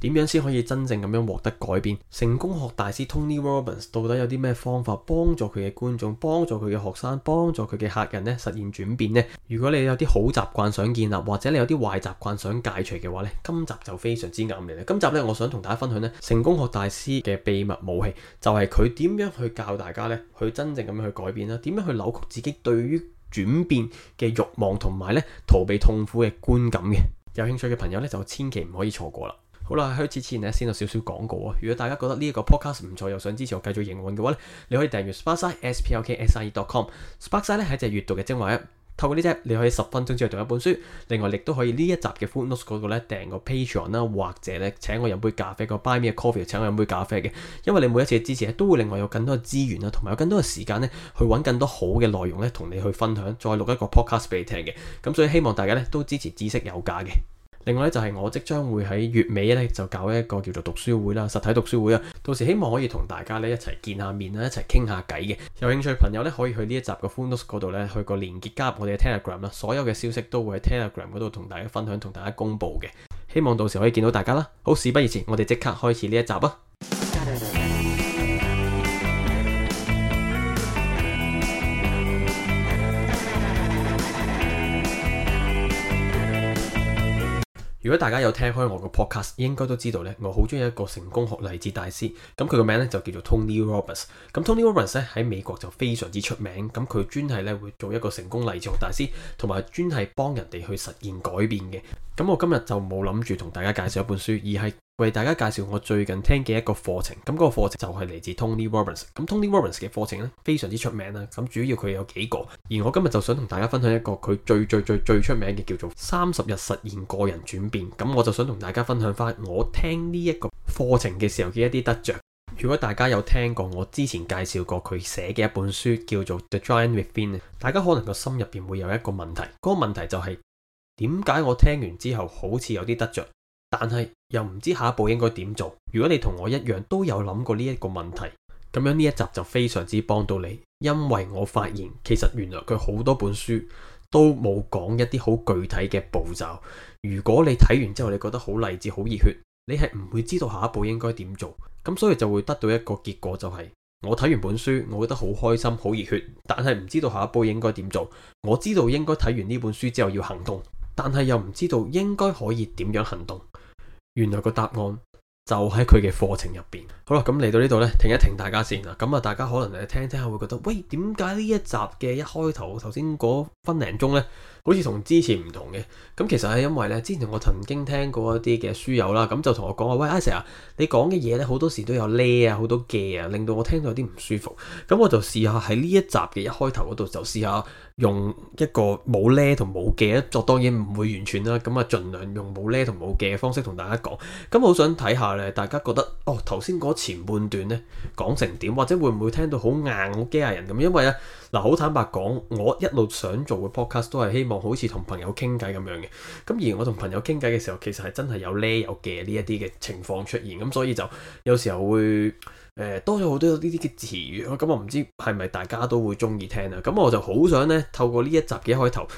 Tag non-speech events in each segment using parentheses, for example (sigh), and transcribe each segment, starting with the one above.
點樣先可以真正咁樣獲得改變？成功學大師 Tony Robbins 到底有啲咩方法幫助佢嘅觀眾、幫助佢嘅學生、幫助佢嘅客人呢實現轉變呢？如果你有啲好習慣想建立，或者你有啲壞習慣想戒除嘅話呢，今集就非常之啱你啦！今集呢，我想同大家分享呢成功學大師嘅秘密武器，就係佢點樣去教大家呢，去真正咁樣去改變啦，點樣去扭曲自己對於轉變嘅慾望同埋呢逃避痛苦嘅觀感嘅。有興趣嘅朋友呢，就千祈唔可以錯過啦！好啦，開始之前呢，先有少少廣告啊、哦！如果大家覺得呢一個 podcast 唔錯，又想支持我繼續營運嘅話咧，你可以訂閱 sparkside.splk.si.com。Sparkside 咧係隻閲讀嘅精華一。透過呢隻你可以十分鐘之內讀一本書。另外，亦都可以呢一集嘅 full notes 嗰度呢，訂個 patron 啦、啊，或者呢，請我飲杯咖啡，個 buy me a coffee，請我飲杯咖啡嘅。因為你每一次嘅支持都會另外有更多嘅資源啦，同埋有更多嘅時間呢，去揾更多好嘅內容呢，同你去分享，再錄一個 podcast 俾你聽嘅。咁所以希望大家呢，都支持知識有價嘅。另外咧就係我即將會喺月尾咧就搞一個叫做讀書會啦，實體讀書會啦，到時希望可以同大家咧一齊見下面啦，一齊傾下偈嘅。有興趣嘅朋友咧可以去呢一集嘅 Funos 嗰度咧去個連結加入我哋嘅 Telegram 啦，所有嘅消息都會喺 Telegram 嗰度同大家分享，同大家公布嘅。希望到時可以見到大家啦。好，事不宜遲，我哋即刻開始呢一集啊！ (music) 如果大家有聽開我個 podcast，應該都知道咧，我好中意一個成功學勵志大師，咁佢個名咧就叫做 Tony Robbins。咁 Tony Robbins 咧喺美國就非常之出名，咁佢專係咧會做一個成功勵志學大師，同埋專係幫人哋去實現改變嘅。咁我今日就冇諗住同大家介紹一本書，而係，為大家介紹我最近聽嘅一個課程，咁個課程就係嚟自 Tony Robbins。咁 Tony Robbins 嘅課程呢，非常之出名啦，咁主要佢有幾個，而我今日就想同大家分享一個佢最最最最最出名嘅，叫做三十日實現個人轉變。咁我就想同大家分享翻我聽呢一個課程嘅時候嘅一啲得着。如果大家有聽過我之前介紹過佢寫嘅一本書叫做 The Giant Within，大家可能個心入邊會有一個問題，嗰個問題就係點解我聽完之後好似有啲得着？但係又唔知下一步應該點做。如果你同我一樣都有諗過呢一個問題，咁樣呢一集就非常之幫到你，因為我發現其實原來佢好多本書都冇講一啲好具體嘅步驟。如果你睇完之後你覺得好勵志、好熱血，你係唔會知道下一步應該點做。咁所以就會得到一個結果就係，我睇完本書，我覺得好開心、好熱血，但係唔知道下一步應該點做。我知道應該睇完呢本書之後要行動。但係又唔知道應該可以點樣行動，原來個答案就喺佢嘅課程入邊。好啦，咁嚟到呢度呢，停一停大家先啦。咁啊，大家可能誒聽聽下會覺得，「喂，點解呢一集嘅一開頭頭先嗰分零鐘呢？」好似同之前唔同嘅，咁其實係因為咧，之前我曾經聽過一啲嘅書友啦，咁就同我講話，喂，阿 Sir，你講嘅嘢咧好多時都有咧啊，好多嘅啊，令到我聽到有啲唔舒服。咁我就試下喺呢一集嘅一開頭嗰度就試下用一個冇咧同冇嘅，作當然唔會完全啦。咁啊，儘量用冇咧同冇嘅嘅方式同大家講。咁我想睇下咧，大家覺得哦，頭先嗰前半段咧講成點，或者會唔會聽到好硬好機械人咁？因為啊。嗱，好坦白講，我一路想做嘅 podcast 都係希望好似同朋友傾偈咁樣嘅。咁而我同朋友傾偈嘅時候，其實係真係有叻有嘅呢一啲嘅情況出現。咁所以就有時候會誒、呃、多咗好多呢啲嘅詞語。咁我唔知係咪大家都會鍾意聽啊？咁、嗯嗯、我就好想呢，透過呢一集嘅開頭，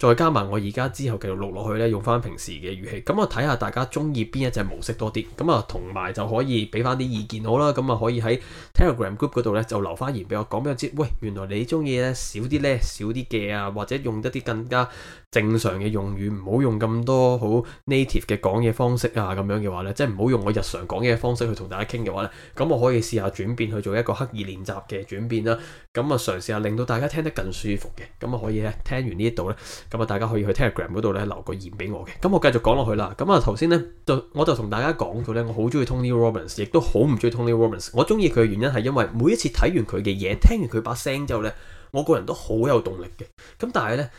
再加埋我而家之後繼續錄落去呢用翻平時嘅語氣，咁我睇下大家中意邊一隻模式多啲。咁啊，同埋就可以俾翻啲意見好啦。咁啊，可以喺 Telegram group 嗰度呢就留翻言俾我。講俾我知，喂，原來你中意呢少啲呢？少啲嘅啊，或者用一啲更加。正常嘅用語，唔好用咁多好 native 嘅講嘢方式啊，咁樣嘅話呢，即係唔好用我日常講嘢嘅方式去同大家傾嘅話呢。咁我可以試下轉變去做一個刻意練習嘅轉變啦。咁啊，嘗試下令到大家聽得更舒服嘅，咁啊可以咧，聽完呢一度呢，咁啊大家可以去 Telegram 嗰度呢留個言俾我嘅。咁我繼續講落去啦。咁啊頭先呢，就我就同大家講咗呢：「我好中意 Tony Robbins，亦都好唔中意 Tony Robbins。我中意佢嘅原因係因為每一次睇完佢嘅嘢，聽完佢把聲之後呢，我個人都好有動力嘅。咁但係呢。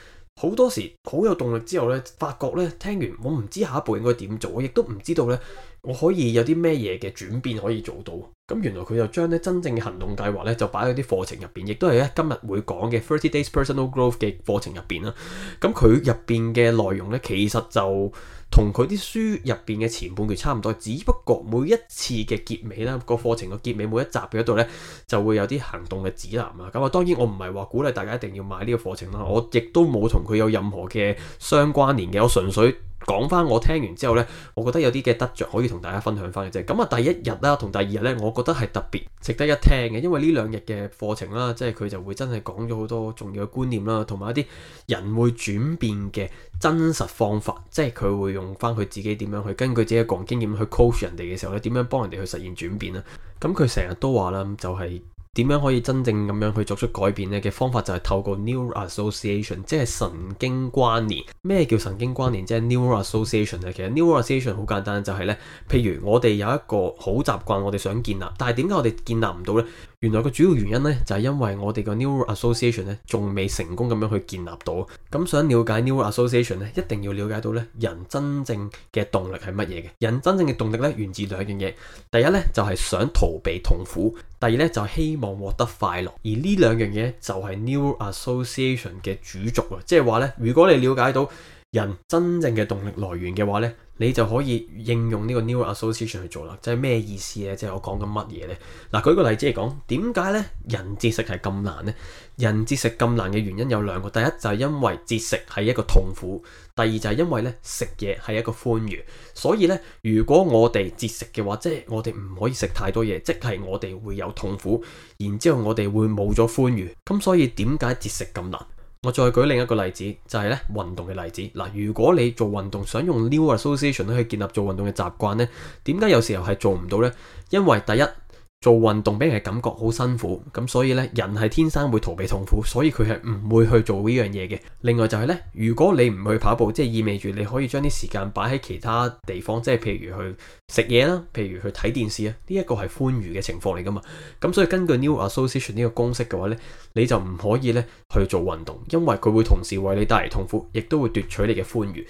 好多時好有動力之後呢，發覺呢，聽完我唔知下一步應該點做，我亦都唔知道呢。我可以有啲咩嘢嘅轉變可以做到？咁原來佢就將咧真正嘅行動計劃咧，就擺喺啲課程入邊，亦都係咧今日會講嘅 Thirty Days Personal Growth 嘅課程入邊啦。咁佢入邊嘅內容咧，其實就同佢啲書入邊嘅前半句差唔多，只不過每一次嘅結尾啦，個課程嘅結尾每一集嘅度咧，就會有啲行動嘅指南啊。咁啊，當然我唔係話鼓勵大家一定要買呢個課程啦，我亦都冇同佢有任何嘅相關聯嘅，我純粹。講翻我聽完之後呢，我覺得有啲嘅得着可以同大家分享翻嘅啫。咁啊，第一日啦同第二日呢，我覺得係特別值得一聽嘅，因為呢兩日嘅課程啦，即係佢就會真係講咗好多重要嘅觀念啦，同埋一啲人會轉變嘅真實方法，即係佢會用翻佢自己點樣去根據自己嘅個人經驗去 coach 人哋嘅時候呢，點樣幫人哋去實現轉變啦。咁佢成日都話啦，就係、是。點樣可以真正咁樣去作出改變呢？嘅方法就係透過 neural association，即係神經關聯。咩叫神經關聯？即係 neural association 啊？其實 neural association 好簡單，就係呢。譬如我哋有一個好習慣，我哋想建立，但係點解我哋建立唔到呢？原來個主要原因呢，就係因為我哋個 neural association 呢仲未成功咁樣去建立到。咁想了解 neural association 呢，一定要了解到呢，人真正嘅動力係乜嘢嘅？人真正嘅動力呢，源自兩樣嘢。第一呢，就係想逃避痛苦。第二咧，就希望獲得快樂，而呢兩樣嘢就係 New Association 嘅主軸啊。即係話咧，如果你了解到人真正嘅動力來源嘅話咧，你就可以應用呢個 New Association 去做啦。即係咩意思咧？即係我講緊乜嘢咧？嗱，舉個例子嚟講，點解咧，人節食係咁難咧？人節食咁難嘅原因有兩個，第一就係因為節食係一個痛苦，第二就係因為咧食嘢係一個歡愉。所以咧，如果我哋節食嘅話，即係我哋唔可以食太多嘢，即係我哋會有痛苦，然之後我哋會冇咗歡愉。咁所以點解節食咁難？我再舉另一個例子，就係咧運動嘅例子。嗱，如果你做運動想用 new association 去建立做運動嘅習慣咧，點解有時候係做唔到呢？因為第一做運動俾人嘅感覺好辛苦，咁所以咧，人係天生會逃避痛苦，所以佢係唔會去做呢樣嘢嘅。另外就係咧，如果你唔去跑步，即係意味住你可以將啲時間擺喺其他地方，即係譬如去食嘢啦，譬如去睇電視啊，呢一個係歡愉嘅情況嚟噶嘛。咁所以根據 New Association 呢個公式嘅話咧，你就唔可以咧去做運動，因為佢會同時為你帶嚟痛苦，亦都會奪取你嘅歡愉。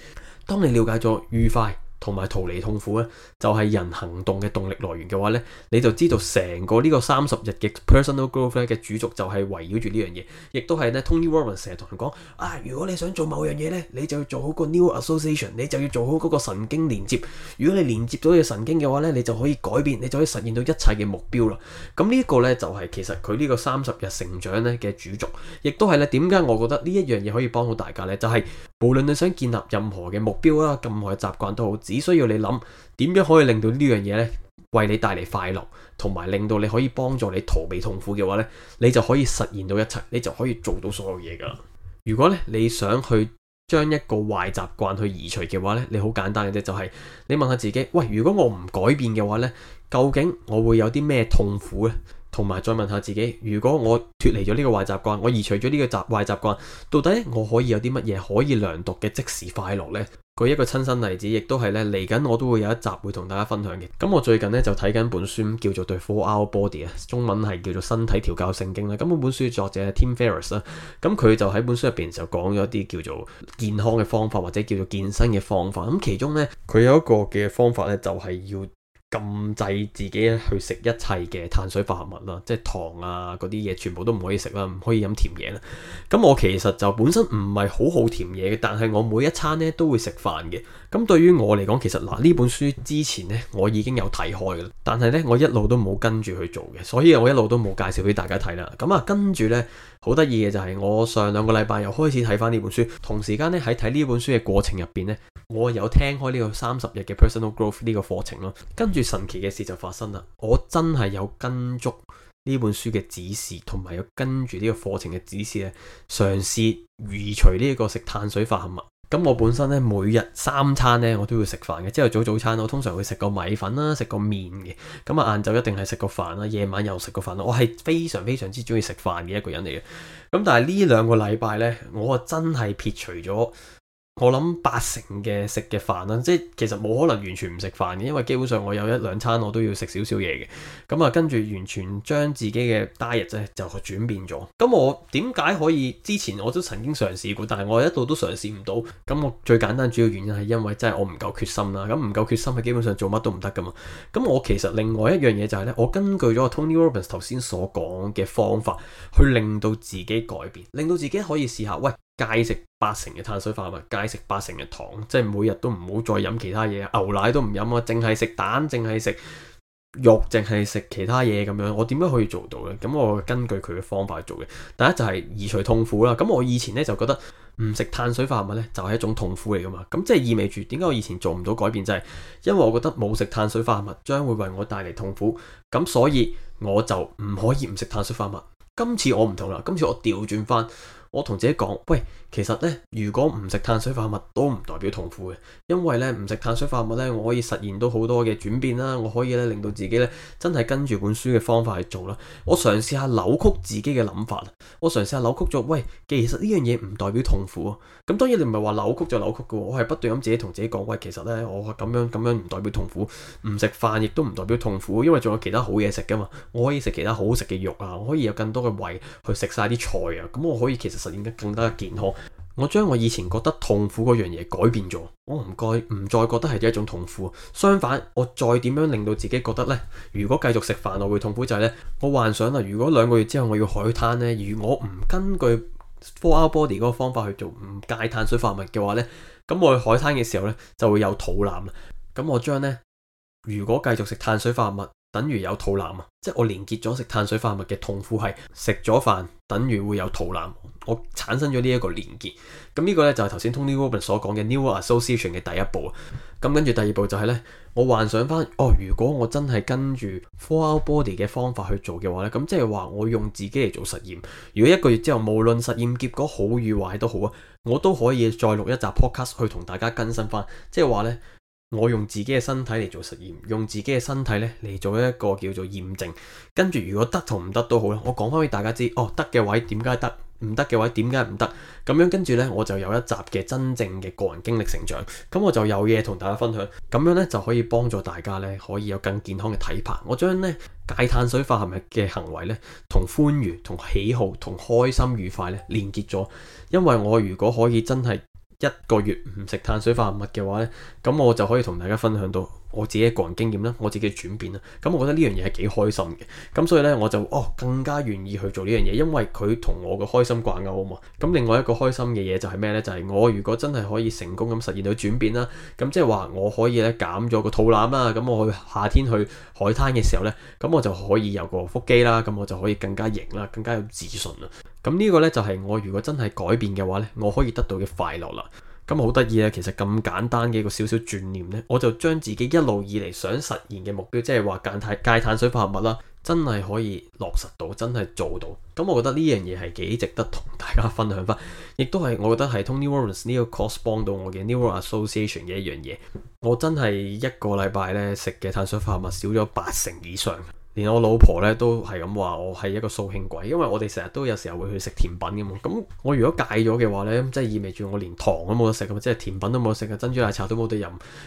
當你了解咗愉快。同埋逃離痛苦咧，就係、是、人行動嘅動力來源嘅話咧，你就知道成個呢個三十日嘅 personal growth 咧嘅主軸就係圍繞住呢樣嘢，亦都係咧。Tony Robbins 成日同人講啊，如果你想做某樣嘢咧，你就要做好個 new association，你就要做好嗰個神經連接。如果你連接到嘅神經嘅話咧，你就可以改變，你就可以實現到一切嘅目標啦。咁、嗯這個、呢一個咧就係、是、其實佢呢個三十日成長咧嘅主軸，亦都係咧點解我覺得呢一樣嘢可以幫到大家咧，就係、是。無論你想建立任何嘅目標啦，任何習慣都好，只需要你諗點樣可以令到呢樣嘢呢，為你帶嚟快樂，同埋令到你可以幫助你逃避痛苦嘅話呢，你就可以實現到一切，你就可以做到所有嘢噶啦。如果咧你想去將一個壞習慣去移除嘅話呢，你好簡單嘅啫、就是，就係你問下自己，喂，如果我唔改變嘅話呢，究竟我會有啲咩痛苦呢？同埋再問下自己，如果我脫離咗呢個壞習慣，我移除咗呢個習壞習慣，到底我可以有啲乜嘢可以量度嘅即時快樂呢？舉一個親身例子，亦都係呢。嚟緊，我都會有一集會同大家分享嘅。咁我最近呢，就睇緊本書，叫做《The Four Hour Body》啊，中文係叫做《身體調教聖經》啦。咁本書作者係 Tim Ferriss 啦。咁佢就喺本書入邊就講咗啲叫做健康嘅方法，或者叫做健身嘅方法。咁其中呢，佢有一個嘅方法呢，就係要禁製自己去食一切嘅碳水化合物啦，即係糖啊嗰啲嘢，全部都唔可以食啦，唔可以飲甜嘢啦。咁我其實就本身唔係好好甜嘢嘅，但係我每一餐咧都會食飯嘅。咁對於我嚟講，其實嗱呢本書之前咧我已經有睇開嘅，但係咧我一路都冇跟住去做嘅，所以我一路都冇介紹俾大家睇啦。咁啊，跟住咧。好得意嘅就係，我上兩個禮拜又開始睇翻呢本書，同時間呢，喺睇呢本書嘅過程入邊呢，我有聽開呢個三十日嘅 personal growth 呢個課程咯，跟住神奇嘅事就發生啦，我真係有跟足呢本書嘅指示，同埋有跟住呢個課程嘅指示咧，嘗試移除呢個食碳水化合物。咁我本身咧每日三餐咧我都要食飯嘅，即係早早餐我通常會食個米粉啦，食個麵嘅。咁啊晏晝一定係食個飯啦，夜晚又食個飯啦。我係非常非常之中意食飯嘅一個人嚟嘅。咁但係呢兩個禮拜咧，我真係撇除咗。我諗八成嘅食嘅飯啦，即係其實冇可能完全唔食飯嘅，因為基本上我有一兩餐我都要食少少嘢嘅。咁啊，跟住完全將自己嘅 diet 就轉變咗。咁我點解可以之前我都曾經嘗試過，但係我一度都嘗試唔到。咁我最簡單主要原因係因為真係我唔夠決心啦。咁唔夠決心係基本上做乜都唔得㗎嘛。咁我其實另外一樣嘢就係呢：我根據咗 Tony Robbins 頭先所講嘅方法，去令到自己改變，令到自己可以試下喂。戒食八成嘅碳水化合物，戒食八成嘅糖，即係每日都唔好再飲其他嘢，牛奶都唔飲啊，淨係食蛋，淨係食肉，淨係食其他嘢咁樣。我點樣可以做到呢？咁我根據佢嘅方法去做嘅。第一就係移除痛苦啦。咁我以前呢，就覺得唔食碳水化合物呢，就係一種痛苦嚟噶嘛。咁即係意味住點解我以前做唔到改變，就係因為我覺得冇食碳水化合物將會為我帶嚟痛苦，咁所以我就唔可以唔食碳水化合物。今次我唔同啦，今次我調轉翻。我同自己講，喂，其實呢，如果唔食碳水化合物都唔代表痛苦嘅，因為呢，唔食碳水化合物呢，我可以實現到好多嘅轉變啦，我可以咧令到自己呢，真係跟住本書嘅方法去做啦。我嘗試下扭曲自己嘅諗法，我嘗試下扭曲咗，喂，其實呢樣嘢唔代表痛苦啊。咁當然你唔係話扭曲就扭曲噶，我係不斷咁自己同自己講，喂，其實呢，我咁樣咁樣唔代表痛苦，唔食飯亦都唔代表痛苦，因為仲有其他好嘢食噶嘛，我可以食其他好好食嘅肉啊，我可以有更多嘅胃去食晒啲菜啊，咁我可以其實實現得更加健康，我將我以前覺得痛苦嗰樣嘢改變咗，我唔再唔再覺得係一種痛苦。相反，我再點樣令到自己覺得呢？如果繼續食飯，我會痛苦就係呢，我幻想啊！如果兩個月之後我要海灘呢，如果我唔根據 Four Hour Body 嗰個方法去做，唔戒碳水化合物嘅話呢，咁我去海灘嘅時候呢，就會有肚腩啦。咁我將呢，如果繼續食碳水化合物。等於有肚腩啊！即係我連結咗食碳水化合物嘅痛苦係食咗飯，等於會有肚腩。我產生咗呢一個連結。咁呢個呢，就係頭先 Tony Robbins 所講嘅 New Association 嘅第一步啊。咁跟住第二步就係呢，我幻想翻哦，如果我真係跟住 Four Hour Body 嘅方法去做嘅話呢，咁即係話我用自己嚟做實驗。如果一個月之後無論實驗結果好與壞都好啊，我都可以再錄一集 Podcast 去同大家更新翻。即係話呢。我用自己嘅身體嚟做實驗，用自己嘅身體呢嚟做一個叫做驗證。跟住如果得同唔得都好啦，我講返俾大家知哦，得嘅位點解得，唔得嘅位點解唔得。咁樣跟住呢，我就有一集嘅真正嘅個人經歷成長。咁我就有嘢同大家分享，咁樣呢就可以幫助大家呢，可以有更健康嘅體魄。我將呢戒碳水化合物嘅行為呢，同歡愉、同喜好、同開心愉快呢連結咗。因為我如果可以真係一個月唔食碳水化合物嘅話呢。咁我就可以同大家分享到我自己個人經驗啦，我自己嘅轉變啦。咁我覺得呢樣嘢係幾開心嘅。咁所以呢，我就哦更加願意去做呢樣嘢，因為佢同我嘅開心掛鈎啊嘛。咁另外一個開心嘅嘢就係咩呢？就係我如果真係可以成功咁實現到轉變啦，咁即係話我可以咧減咗個肚腩啦。咁我去夏天去海灘嘅時候呢，咁我就可以有個腹肌啦。咁我就可以更加型啦，更加有自信啦。咁呢個呢，就係我如果真係改變嘅話呢，我可以得到嘅快樂啦。咁好得意呀，其實咁簡單嘅一個小小轉念呢，我就將自己一路以嚟想實現嘅目標，即係話戒碳戒碳水化合物啦，真係可以落實到，真係做到。咁我覺得呢樣嘢係幾值得同大家分享翻，亦都係我覺得係 Tony Warrens 呢個 course 幫到我嘅 New Year Association 嘅一樣嘢。我真係一個禮拜呢，食嘅碳水化合物少咗八成以上。連我老婆咧都係咁話，我係一個掃興鬼，因為我哋成日都有時候會去食甜品嘅嘛。咁我如果戒咗嘅話咧，即係意味住我連糖都冇得食咁，即係甜品都冇得食啊，珍珠奶茶都冇得飲。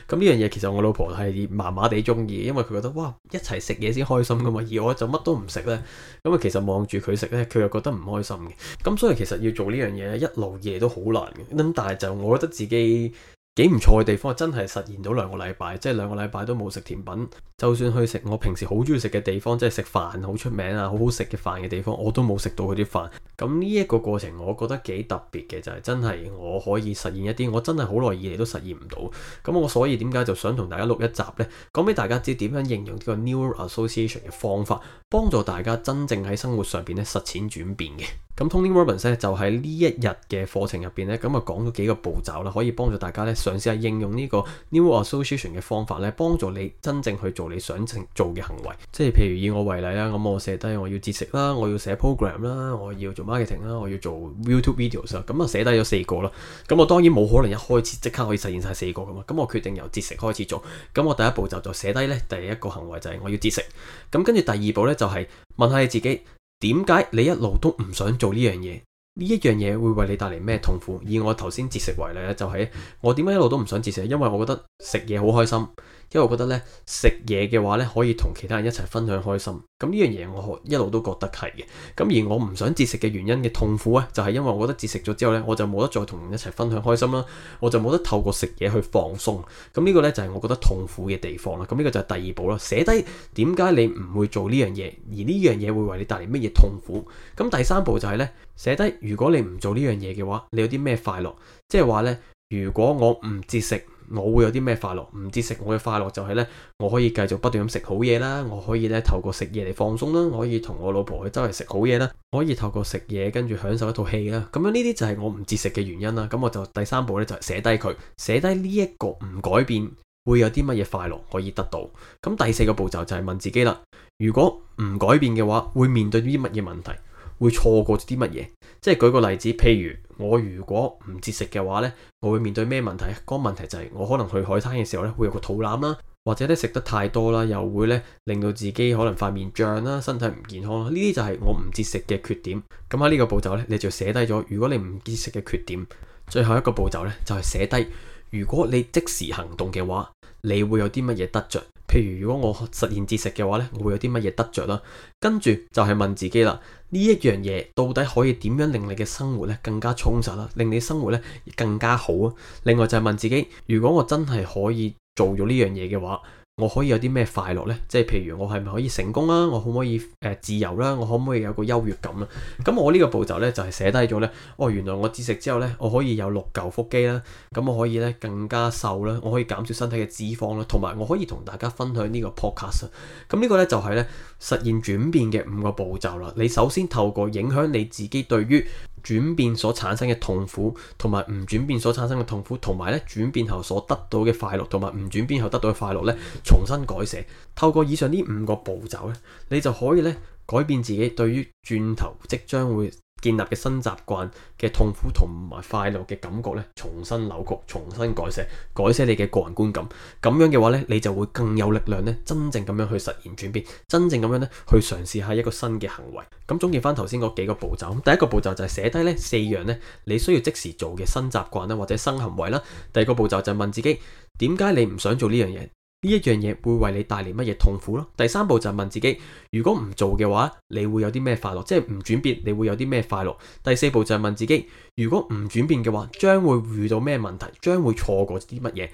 咁呢樣嘢其實我老婆係麻麻地鍾意，因為佢覺得哇，一齊食嘢先開心嘅嘛。而我就乜都唔食咧，咁啊其實望住佢食咧，佢又覺得唔開心嘅。咁所以其實要做呢樣嘢咧，一路嘢都好難嘅。咁但係就我覺得自己，幾唔錯嘅地方，真係實現到兩個禮拜，即係兩個禮拜都冇食甜品。就算去食我平時好中意食嘅地方，即係食飯好出名啊，好好食嘅飯嘅地方，我都冇食到佢啲飯。咁呢一個過程，我覺得幾特別嘅就係，真係我可以實現一啲我真係好耐以嚟都實現唔到。咁我所以點解就想同大家錄一集呢，講俾大家知點樣應用呢個 Neural Association 嘅方法，幫助大家真正喺生活上邊咧實踐轉變嘅。咁 Tony Robbins 咧就喺、是、呢一日嘅課程入邊咧，咁啊講咗幾個步驟啦，可以幫助大家咧嘗試下應用呢個 New Association 嘅方法咧，幫助你真正去做你想成做嘅行為。即係譬如以我為例啦，咁我寫低我要節食啦，我要寫 program 啦，我要做 marketing 啦，我要做 YouTube videos 啦，咁啊寫低咗四個啦。咁我當然冇可能一開始即刻可以實現晒四個㗎嘛。咁我決定由節食開始做。咁我第一步就就寫低咧第一個行為就係我要節食。咁跟住第二步咧就係、是、問下你自己。點解你一路都唔想做呢樣嘢？呢一樣嘢會為你帶嚟咩痛苦？以我頭先節食為例咧、就是，就係我點解一路都唔想節食，因為我覺得食嘢好開心。因為我覺得咧，食嘢嘅話咧，可以同其他人一齊分享開心，咁呢樣嘢我一路都覺得係嘅。咁而我唔想節食嘅原因嘅痛苦咧，就係因為我覺得節食咗之後咧，我就冇得再同人一齊分享開心啦，我就冇得透過食嘢去放鬆。咁呢個咧就係我覺得痛苦嘅地方啦。咁呢個就係第二步啦，寫低點解你唔會做呢樣嘢，而呢樣嘢會為你帶嚟乜嘢痛苦。咁第三步就係咧寫低如果你唔做呢樣嘢嘅話，你有啲咩快樂？即係話咧，如果我唔節食。我會有啲咩快樂？唔節食，我嘅快樂就係呢：我可以繼續不斷咁食好嘢啦，我可以呢透過食嘢嚟放鬆啦，我可以同我老婆去周圍食好嘢啦，可以透過食嘢跟住享受一套戲啦。咁樣呢啲就係我唔節食嘅原因啦。咁我就第三步呢，就係、是、寫低佢，寫低呢一個唔改變會有啲乜嘢快樂可以得到。咁第四個步驟就係問自己啦，如果唔改變嘅話，會面對啲乜嘢問題？會錯過啲乜嘢？即係舉個例子，譬如我如果唔節食嘅話呢，我會面對咩問題？嗰個問題就係我可能去海灘嘅時候咧，會有個肚腩啦，或者咧食得太多啦，又會咧令到自己可能塊面脹啦，身體唔健康啦。呢啲就係我唔節食嘅缺點。咁喺呢個步驟呢，你就寫低咗如果你唔節食嘅缺點。最後一個步驟呢，就係寫低如果你即時行動嘅話，你會有啲乜嘢得着？譬如如果我實現節食嘅話呢，我會有啲乜嘢得着啦？跟住就係問自己啦，呢一樣嘢到底可以點樣令你嘅生活呢更加充實啦，令你生活呢更加好啊？另外就係問自己，如果我真係可以做咗呢樣嘢嘅話。我可以有啲咩快樂呢？即係譬如我係咪可以成功啦，啊？我可唔可以誒、呃、自由啦，啊？我可唔可以有個優越感啦，啊？咁我呢個步驟呢，就係寫低咗呢：「哦，原來我節食之後呢，我可以有六嚿腹肌啦，啊。咁我可以呢更加瘦啦。我可以減少身體嘅脂肪啦，啊。同埋我可以同大家分享呢個 Podcast。咁呢個呢，就係、是、呢實現轉變嘅五個步驟啦。你首先透過影響你自己對於。轉變所產生嘅痛苦，同埋唔轉變所產生嘅痛苦，同埋咧轉變後所得到嘅快樂，同埋唔轉變後得到嘅快樂咧，重新改寫。透過以上呢五個步驟咧，你就可以咧改變自己對於轉頭即將會建立嘅新習慣嘅痛苦同埋快樂嘅感覺咧，重新扭曲，重新改寫，改寫你嘅個人觀感。咁樣嘅話咧，你就會更有力量咧，真正咁樣去實現轉變，真正咁樣咧去嘗試下一個新嘅行為。咁總結翻頭先嗰幾個步驟，第一個步驟就係寫低呢四樣呢，你需要即時做嘅新習慣啦，或者新行為啦。第二個步驟就係問自己，點解你唔想做呢樣嘢？呢一樣嘢會為你帶嚟乜嘢痛苦咯？第三步就係問自己，如果唔做嘅話，你會有啲咩快樂？即係唔轉變，你會有啲咩快樂？第四步就係問自己，如果唔轉變嘅話，將會遇到咩問題？將會錯過啲乜嘢？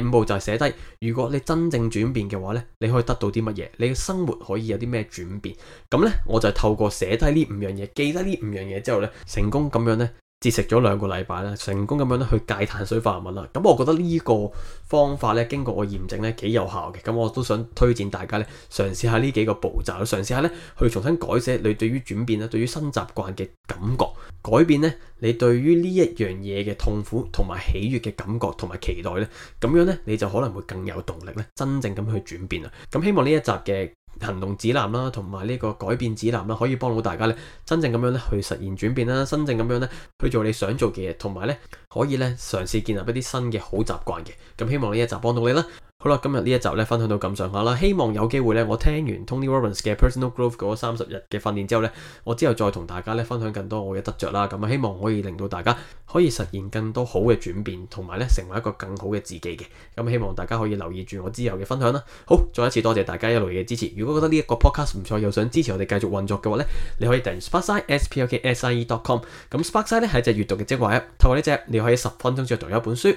第五步就係寫低，如果你真正轉變嘅話呢，你可以得到啲乜嘢？你嘅生活可以有啲咩轉變？咁呢，我就透過寫低呢五樣嘢，記得呢五樣嘢之後呢，成功咁樣呢。節食咗兩個禮拜咧，成功咁樣咧去戒碳水化合物啦。咁我覺得呢個方法咧，經過我驗證咧，幾有效嘅。咁我都想推薦大家咧，嘗試下呢幾個步驟，嘗試下咧去重新改寫你對於轉變啦，對於新習慣嘅感覺改變咧，你對於呢一樣嘢嘅痛苦同埋喜悅嘅感覺同埋期待咧，咁樣咧你就可能會更有動力咧，真正咁去轉變啊。咁希望呢一集嘅。行動指南啦，同埋呢個改變指南啦，可以幫到大家呢，真正噉樣呢去實現轉變啦，真正噉樣呢去做你想做嘅嘢，同埋呢可以呢嘗試建立一啲新嘅好習慣嘅。噉希望呢一集幫到你啦。好啦，今日呢一集咧分享到咁上下啦，希望有機會咧，我聽完 Tony Robbins 嘅 Personal Growth 嗰三十日嘅訓練之後咧，我之後再同大家咧分享更多我嘅得着啦。咁啊，希望可以令到大家可以實現更多好嘅轉變，同埋咧成為一個更好嘅自己嘅。咁希望大家可以留意住我之後嘅分享啦。好，再一次多謝大家一路嘅支持。如果覺得呢一個 podcast 唔錯，又想支持我哋繼續運作嘅話咧，你可以訂閱 s p a r k s i e SPK o SIE dot com。咁 Sparkside 咧係一隻閱讀嘅精華，透過呢隻你可以十分鐘就讀完一本書。